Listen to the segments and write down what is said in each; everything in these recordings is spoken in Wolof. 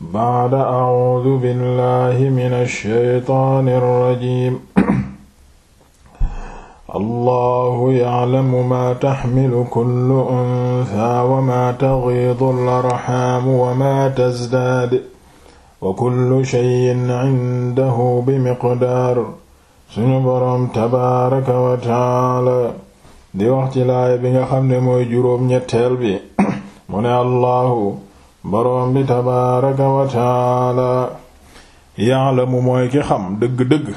baada audu billahi min alsheytaani alrajim allahu yaclamu maa taxmilu kullu unsa wa maa tagiidu alarxaamu wa maa tasdaad wa kullu sheyin cindahu bi miqdaar suñu boroom tabaaraka wa taala di wax ci laaya bi nga xam ne mooy juróom ñetteel bi mu ne allahu boroom bi tabaaraka wa taala ya'lamu mooy ki xam dëgg-dëgg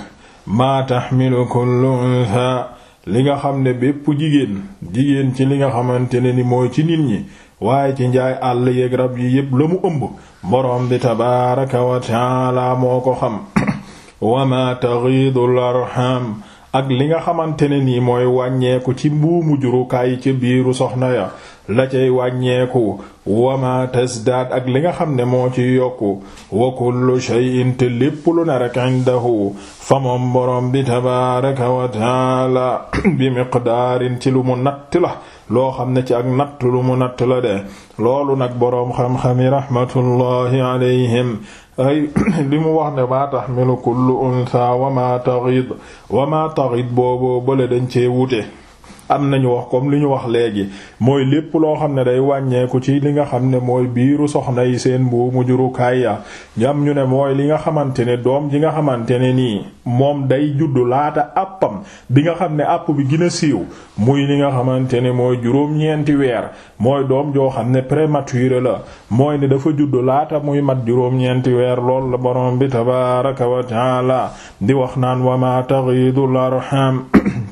maa taxmilu kullu unsa li nga xam ne bépp jigéen jigéen ci li nga xamante ne ni mooy ci nit ñi waaye ci njaay àll yeeg rab yi yépp la mu ëmb borom bi tabaaraka wa taala moo ko xam wa ma taghidul arham ak li nga xamante ne nii mooy wàññeeku ci mbuumu jurukaay ca biiru soxna ya la cay wàññeeku wa ma ak li nga xam ne moo ci yokku wa kullu shay'in te lépp lu ne rek indahu fa moom boroom bi tabaaraka wa bi miqdaarin ci lu mu natt la loo xam ne ci ak natt lu mu natt la de loolu nag borom xam-xami rahmatullahi alayhim ay li mu wax ne maa taxmilu kullu unsa wa ma taghid wa ma taghid booboo dañ cee wute am nañu wax comme li ñu wax léegi mooy lépp loo xam ne day wàññeeku ci li nga xam ne mooy biiru soxna yi seen buumu jurukaay ya ñam ñu ne mooy li nga xamante ne doom ji nga xamante ne nii moom day juddu laata àppam bi nga xam ne àpp bi gën siiw muy li nga xamante ne mooy juróom-ñeenti weer mooy doom joo xam ne prématuré la mooy ne dafa juddu laata muy mat juróom-ñeenti weer lool la borom bi tabaaraka wa di wax naan wa ma taghidul arham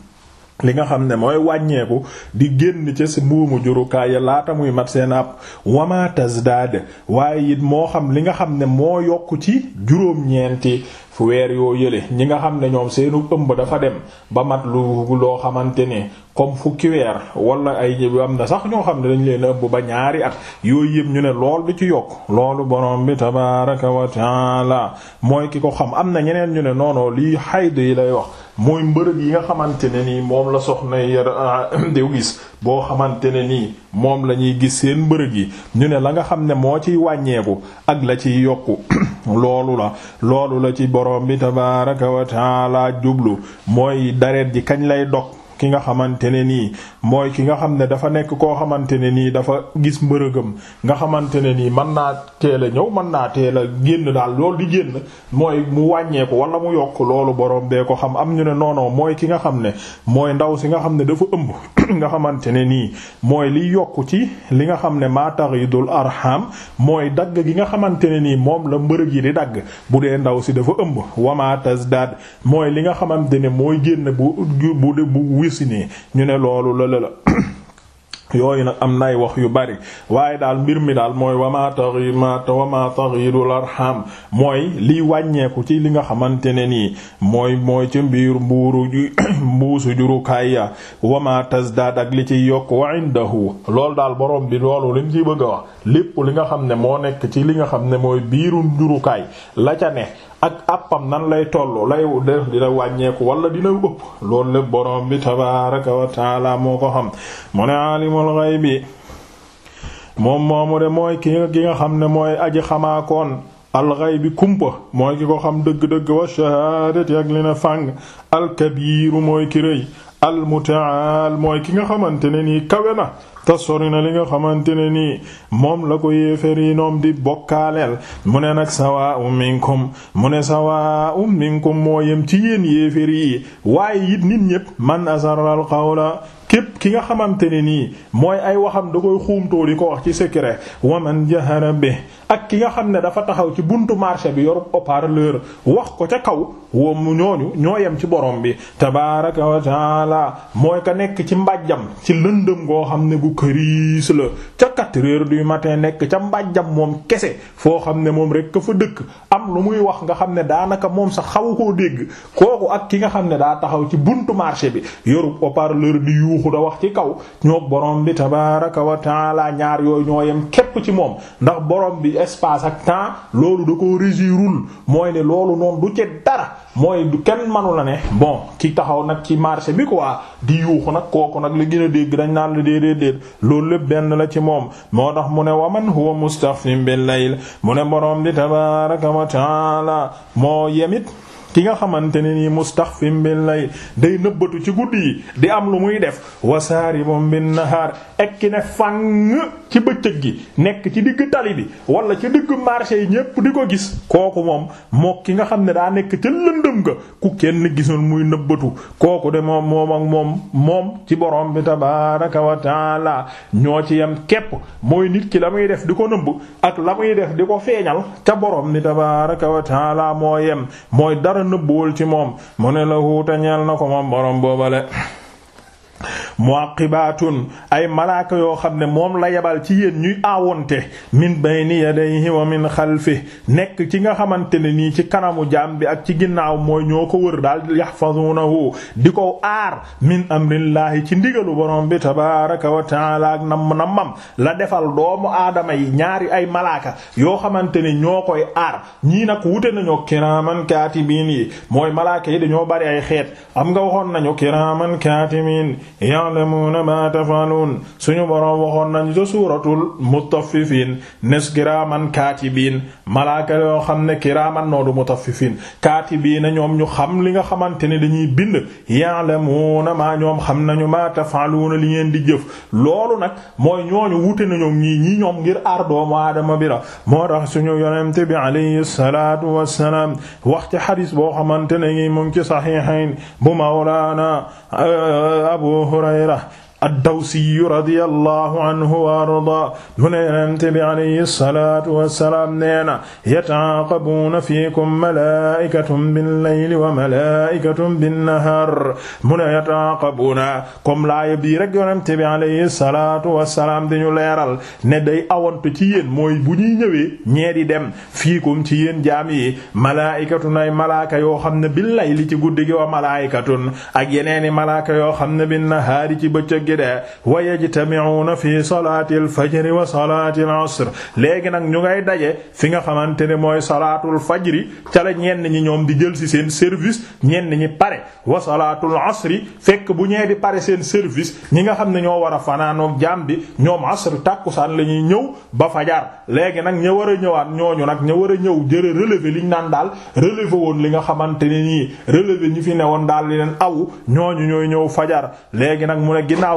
li nga xam ne mooy wàññeeku di génn ca si mbuumu jurukaay ya laata muy mat seen ab wama tasdaad waaye it moo xam li nga xam ne moo yokk ci juróom-ñeenti weer yoo yële ñi nga xam ne ñoom seenu ëmb dafa dem ba mat lu loo xamante ne comme fukki weer walla ay am na sax ñoo xam ne dañ leen ëmb ba ñaari at yooyu yëpp ñu ne lool du ci yokk loolu borom bi tabaaraka wa taala mooy ki ko xam am na ñeneen ñu ne noonoo lii xayd yi lay wax mooy mbërëg yi nga xamante ne nii moom la soxna yar ah, diw gis boo xamante ne nii moom lañuy gis seen mbërëg yi ñu ne la nga xam ne moo ciy wàññeeku ak la ciy yokku loolu la loolu la ci borom bi tabaaraka wa jublu mooy dareet ji kañ lay dog ki nga xamante ne nii mooy ki nga xam ne dafa nekk koo xamante ne nii dafa gis mbërëgëm nga xamante ne nii man naa teel a ñëw man naa teel génn daal loolu di génn mooy mu wàññeeku wala mu yokk loolu borom bee ko xam am ñu ne noonoo mooy ki nga xam ne mooy ndaw si nga xam ne dafa ëmb nga xamante ne nii mooy liy yokku ci li nga xam ne maa taridul arham mooy dagg gi nga xamante ne nii moom la mbërëg yi di dagg bu dee ndaw si dafa ëmb wama tazdad mooy li nga xamante mooy génn bu bu Rusini ñu ne loolu la la la yooyu nag am nay wax yu bari waaye daal mbir mi daal mooy wama taxi ma wama taxidul arham mooy liy wàññeeku ci li nga xamante ne nii mooy mooy ci mbiir mbuuru mbuusu jurukaay ya wama tasdaad ak li ciy yokk wa indahu loolu daal boroom bi loolu lim ciy bëgg a wax lépp li nga xam ne moo nekk ci li nga xam ne mooy biirum jurukaay la ca ne ak àppam nan lay tollu lay def dina wàññeeku wala dina ëpp loolu lépp borom bi tabaaraka wa taala moo ko xam mu ne aalimul ghaybi moom moomu de mooy ki nga xam ne mooy aji xamaakoon bi kumpa mooy ki ko xam dëgg-dëgg wa ak li na fàng alkabiiru mooy ki rëy almutaal mooy ki nga xamante ne nii kawe na te na li nga xamante ne nii moom la ko yéefér yi noom di bokkaaleel mu ne nag sawaa'un minkum mu ne sawaa'un minkum moo yem ci yéen yéefér yi waaye it nit ñépp man asarral qawla képp ki nga xamante ne nii mooy ay waxam da koy xuumtoo di ko wax ci secret waman jahara bi ak ki nga xam ne dafa taxaw ci buntu marché bi yorub haut-parleur wax ko ca kaw wom ñooñu ñoo yem ci borom bi tabaraka wa taala mooy ka nekk ci mbàjjam ci lëndëm goo xam ne gu këriis la ca quatre heures du matin nekk ca mbàjjam moom kese foo xam ne moom rek fa dëkk xam lu muy wax nga xam ne daanaka moom sax xawu koo dégg kooku ak ki nga xam ne daa taxaw ci buntu marché bi yoru haut-parleur di yuuxu da wax ci kaw ñoo borom bi tabaaraka wa taala ñaar yooyu ñoo yem képp ci moom ndax borom bi espace ak temps loolu da ko rul mooy ne loolu noonu du ci dara mooy kenn manu la ne bon ki taxaw nag ci marché bi quoi di yuuxu nag kooku nag li gën a dégg dañ naan la déedéet déet loolu lépp benn la ci moom moo tax mu ne waman huwa mustafin bil layl mu ne borom bi tabaaraka taala moo yemit ki nga xamante ne nii mustaxfim bil lay day nëbbatu ci guddi yi di am lu muy def wasaar wasaaribum bin nahaar ek ki ne fang ci bëccëg gi nekk ci digg tali bi wala ci digg marché yi ñépp di ko gis kooku moom mook ki nga xam ne daa nekk ca lëndëm ga ku kenn gisul muy nëbbatu kooku de moom moom ak moom moom ci borom bi tabaaraka wa ñoo ci yam képp mooy nit ki la muy def di ko nëbb ak la muy def di ko feeñal ca borom bi tabaaraka wa moo yem dara nëbbuwul ci moom mu ne la huuta ñeel na ko moom borom boobale muaqibatun ay malaaka yoo xam ne moom la yebal ci yéen ñuy aawonte min bayni yadayhi wa min xalfi nekk ci nga xamante ne nii ci kanamu jaam bi ak ci ginnaaw mooy ñoo ko wër daal yahfazunahu di ko aar min amrillahi ci ndigalu borom bi tabaraka wa taala ak nam nammam la defal doomu aadama yi ñaari ay malaaka yoo xamante ne ñoo koy aar ñii nag wute nañoo kiraaman kaatibiin yi mooy malaaka yi dañoo bari ay xeet am nga waxoon nañu kiraaman kaatibiin ya'lamuuna maa taf'aluun suñu boroom waxoon nañu ca suuratul mutaffifiin nes kiraaman kaatibiin malaaka yoo xam ne kiraaman noodu mutaffifiin kaatibiina ñoom ñu xam li nga xamante ne dañuy bind ya'lamuuna maa ñoom xam nañu maa taf'aluuna li ngeen di jëf loolu nag mooy ñooñu wute na ñoom ñii ñoom ngir aar doomu bi la moo tax suñu yonente bi alayhi salaatu wassalaam wax xadiis boo xamante ne ngi mu bu mawlaana Abu Hurayra ad-Dawsi radiyallahu anhu wa arda mu ne Yonent bi alayhi salaatu wa salaam nee na yataaqabuuna fiikum malaa'ikatun bil-layli wa malaa'ikatun bin-nahaar mu ne yataaqabuuna comme laaya bii rek Yonent bi alayhi salaatu wa salaam dañu leeral ne day awantu ci yéen mooy bu ñuy ñëwee ñee di dem fiikum ci yéen jaam yi malaa'ikatun ay malaaka yoo xam ne bil-layli ci guddi gi wa malaa'ikatun ak yeneeni malaaka yoo xam ne bin-nahaari ci bëccëg gi de wa yajtami'una fi salati al-fajr wa salati al-'asr léegi nag ñu ngay daje fi nga xamante ne mooy salaatul fajri ca la ñenn ñi ñoom di jël ci seen service ñenn ñi pare wa salaatul asri fekk bu ñee di pare seen service ñi nga xam ne ñoo war a fanaanoog jaam bi ñoom asr tàkkusaan la ñuy ñëw ba fajar léegi nag ña war a ñëwaat ñooñu nag ña war a ñëw jërë relevé liñ naan daal relevé woon li nga xamante ni nii relevé ñi fi newoon daal li leen aw ñooñu ñooy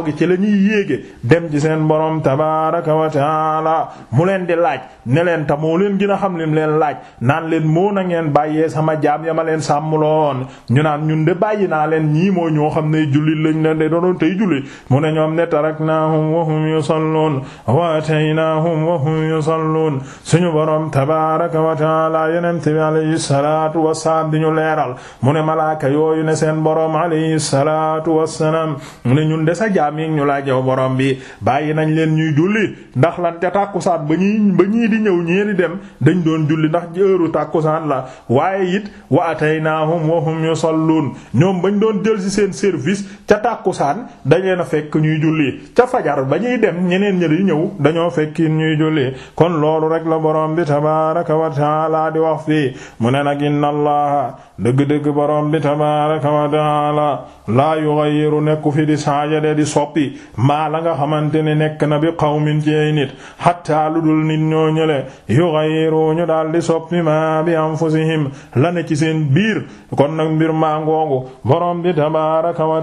ginnaaw gi ci la ñuy yéege dem ci seen borom tabaaraka wa taala mu leen di laaj ne leen ta moo leen gën a xam lim leen laaj naan leen moo na ngeen bàyyee sama jaam ya ma leen sàmmloon ñu naan ñun de bàyyi naa leen ñii mooy ñoo xam ne julli lañ leen de doon tey julli mu ne ñoom ne taraknaahum wa hum yusalluun wa ataynaahum wa hum yusalluun suñu borom tabaaraka wa taala yonent bi alayhi salaatu wassalaam di ñu leeral mu ne malaaka yooyu ne seen salaam yi ñu laaj yow borom bi bàyyi nañ leen ñuy julli ndax lan te tàkkusaan ba ñuy ba ñii di ñëw ñii di dem dañ doon julli ndax heure tàkkusaan la waaye it wa ataynahum wa hum yusalluun ñoom bañ doon jël ci seen service ca tàkkusaan dañ leen a fekk ñuy julli ca fajar ba ñuy dem ñeneen ñi di ñëw dañoo fekk ñuy julli kon loolu rek la borom bi tabaaraka wa taala di wax fii mu ne nag inna allaha dëgg-dëgg borom bi tabaaraka wa taala la yughayyiru nekku fi di changer soppi maa la nga xamante ne nekk na bi qawmin ci ay nit hatta lu dul nit ñoo ñële yughayyiru ñu dal di soppi maa bi anfusihim la ne ci seen biir kon nag mbir maa ngoongu borom bi tabaaraka wa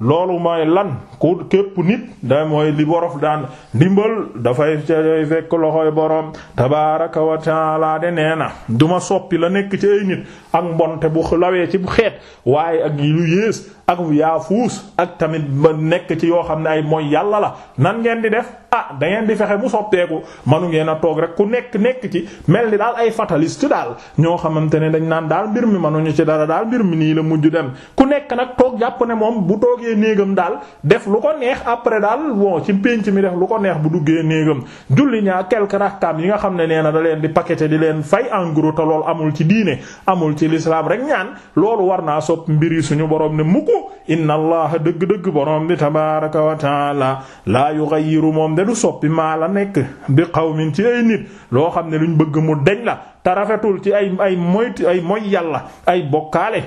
loolu mooy lan ku képp nit da mooy li borof daan ndimbal dafay ca fekk loxoy borom tabaaraka wa taala de nee duma soppi la nekk ci ay nit ak mbonte bu lawee ci xeet waaye ak lu yées ak yaafuus ak tamit ba nekk ci yoo xam ne ay mooy yàlla la nan ngeen di def ah da ngeen di fexe mu soppeeku manu ngeen a toog rek ku nekk nekk ci mel ni daal ay fataliste daal ñoo xamante ne dañ naan daal mbir mi ñu ci dara daal mbir mi nii la mujj dem ku nekk nag toog jàpp ne moom bu toogee néegam daal def lu ko neex après daal woo ci pénc mi def lu ko neex bu duggee néegam julli ñaa quelques rakkaam yi nga xam ne nee na da leen di paqueté di leen fay en gros te amul ci diine amul ci l'islam rek inna allaha dëgg-dëgg borom bi tabaraka wa taala laa yughayyiru moom de du soppi maa la nekk bi qawmin ci ay nit loo xam ne luñ bëgg mu deñ la te rafetul ci ay ay moy ay moy yàlla ay bokkaale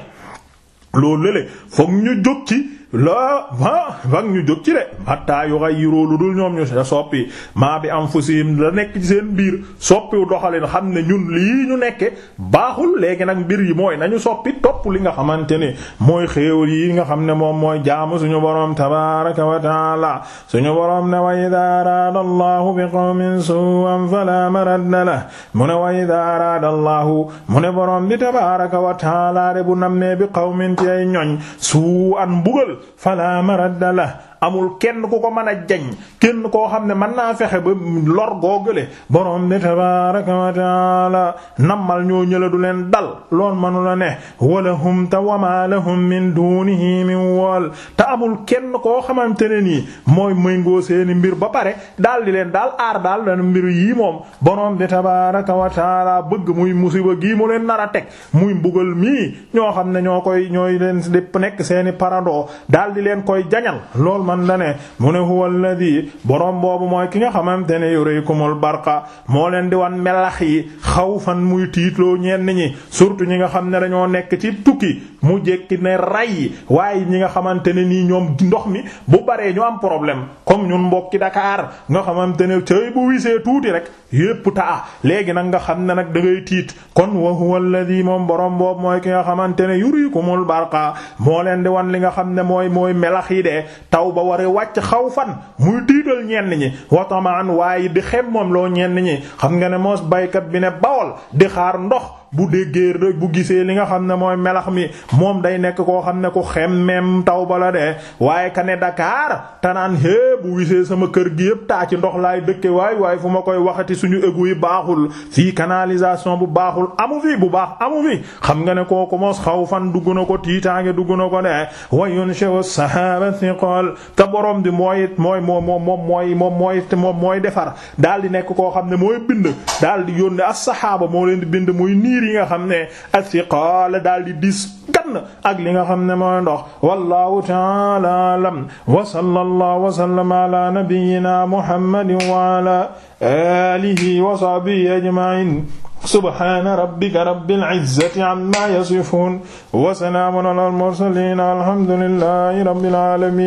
loolu lële fokk ñu jóg ci la ah vang ñu jóg ci de hatta yughayyiru lu dul ñoom ñu soppi maa bi anfusihim la nekk ci seen biir soppiwu doxalin xam ne ñun lii ñu nekke baaxul léegi nag mbir yi mooy nañu soppi topp li nga xamante ne mooy xéewal yi nga xam ne moom mooy jaamu suñu boroom tabaaraka wa taala suñu boroom ne wa idha arada allahu bi qawmin su'an fala maradda la mu ne wa idha arada mu ne boroom bi tabaaraka wa taala de bu nammee bi qawmin ci ay ñoñ su'an mbugal fala maradda la amul kenn ku ko mën a jañ kenn koo xam ne man naa fexe ba lor googale borom bi tabaaraka wa nammal ñoo ñëla leen dal lool manu la ne walahum te wama lahum min dunihi min wal te amul kenn koo xamante ne nii mooy mëngoo seeni mbir ba pare daal di leen daal aar daal dana mbir yii moom borom bi tabaaraka bëgg muy musiba gii mu leen nar a teg muy mbugal mii ñoo xam ne ñoo koy ñooy leen dépp nekk seeni parando daal di leen koy jañal lool man da ne mu ne huwa alladhi borom boobu mooy ki nga xamante ne yuraykumul barqa moo leen di wan melax yi xawfan muy tiitloo ñenn ñi surtout ñi nga xam ne dañoo nekk ci tukki mu jekki ne ray waaye ñi nga xamante ne nii ñoom ndox mi bu baree ñu am problème comme ñun mbokki Dakar nga xamante ne cay bu tuuti rek yépp taa léegi nag nga xam ne nag da ngay kon wa moom borom boobu mooy ki nga xamante ne yuraykumul barqa moo leen di wan li nga xam ne mooy mooy melax yi de taw ba ware wàcc xaw fan muy tiital ñenn ñi watamaan waaye di xem moom loo ñenn ñi xam nga ne moo baykat bi ne bawol di xaar ndox bu déggee rek bu gisee li nga xam ne mooy melax mi moom day nekk koo xam ne ku xem même taw ba la de waaye ka ne Dakar tanaan hee bu wisee sama kër gi yëpp taa ci ndox laay dëkke waay waaye fu ma koy waxati suñu égout yi baaxul fii canalisation bu baaxul amu fi bu baax amu fi xam nga ne ko mos xaw fan dugg na ko tiitaange dugg na ko ne wayun chewa sahaba thiqal te borom bi mooy mooy moo moom moom mooy moom mooy moom mooy defar dal di nekk koo xam ne mooy bind daal di yónne as moo leen bind muy niir yi nga xam ne athiqal daal di dis gann ak li nga xam ne mooy ndox wallahu ta'ala alam wa sallallahu wa sallama ala nabiyyina muhammadin wa ala alihi wa sahbihi ajma'in subhana rabbika rabbil izzati amma yasifun wa salamun ala al mursalin alhamdulillahi rabbil alamin